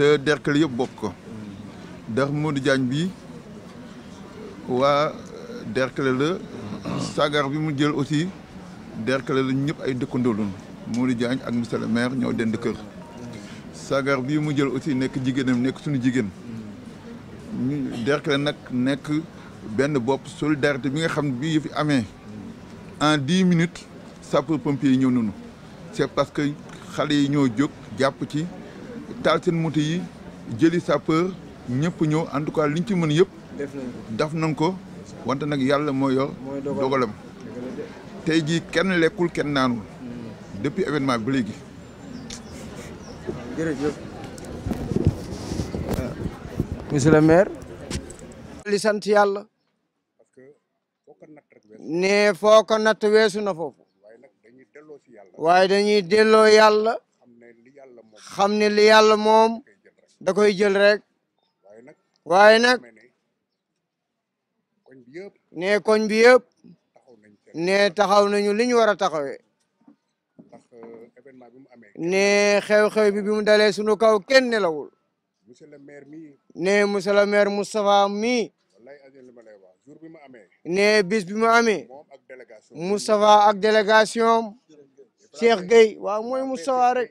te Derklé yëpp bokk ko ndax Modou Diagne bi waa Derklé la sagar bi mu jël aussi Derklé la ñëpp ay dëkkandoo lañu Modou Diagne ak monsieur le maire ñoo dend kër sagar bi mu jël aussi nekk jigéenam nekk suñu jigéen Derklé nag nekk benn bopp solidarité bi nga xam ne bii amee en dix minute sapeur pompier yi ñëw nañu c'est parce que xale yi ñoo jóg jàpp ci taal seen moto yi jëli sapeur ñëpp ñëw en tout cas liñ ci mën yëpp. daf nañ ko wante nag yàlla mooy yor. dogalam tey jii kenn lekkul kenn naanul. Hmm. depuis événement bi ba léegi. jërëjëf. Euh, yàlla. ne foo ko natt weesu na foofu. waaye dañuy delloo yàlla. xam ne li yàlla moom da koy jël rek way nag ne koñ bi yëpp ne taxaw nañu li ñu war a taxawee euh, ne xew-xew bi bi mu dalee sunu kaw kenn nelawul ne monsieur le maire Moustapha mii ne bis bi mu amee Moustapha ak délégation Cheikh Gueye waaw mooy Moustapha rek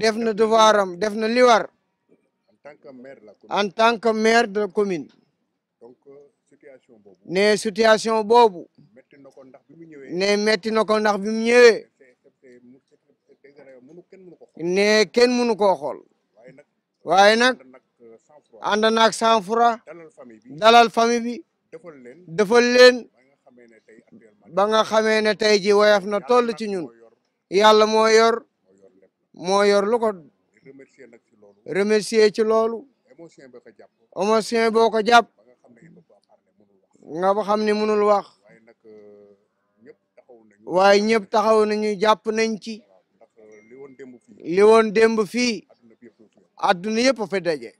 def na devoir def na li war en tant que maire de la commune euh, ne situation boobu ne metti na ko ndax bi mu ñëwee ne kenn mënu koo xool waaye nag ànd naag sang-froid dalal famille bi defal leen ba nga xamee ne tey ji woyof na toll ci ñun yàlla moo yor moo yor lu ko remercier ci loolu émotion boo ko jàpp nga ba xam ne mënul wax waaye euh, ñëpp taxaw nañu jàpp nañ ci euh, li woon démb fii àdduna yëpp a fa daje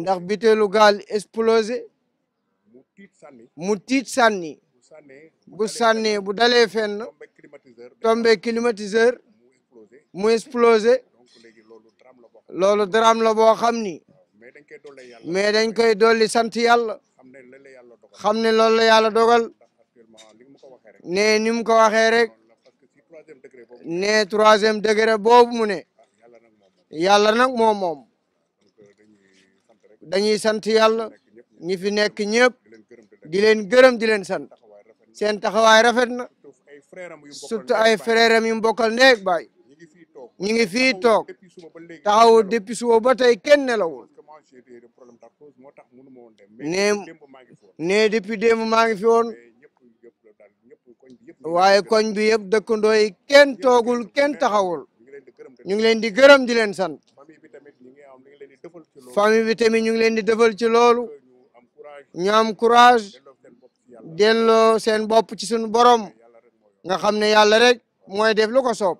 ndax biteelu gaal explosé mu tiit sànni bu sànnee bu dalee fenn tombé climatiseur mu explosé loolu drame la boo xam ni mais dañ koy dolli sant yàlla xam ne loolu la yàlla dogal ne ni mu ko waxee rek ne troisième degré boobu mu ne ah, yàlla nag moom moom euh, dañuy sant yàlla ñi fi nekk ñëpp di leen gërëm di leen sant seen taxawaay rafet na surtout ay frère am yu mbokkal neeg baay ñu ngi fii toog taxaw depuis suba ba tey kenn nelawul ne ne depuis démb maa ngi fi woon waaye koñ bi yëpp dëkkandoo yi kenn toogul kenn taxawul ñu ngi leen di gërëm di leen sant famille bi tamit ñu ngi leen di defal ci loolu ñu am courage delloo seen bopp ci suñu borom nga xam ne yàlla rek mooy def lu ko soob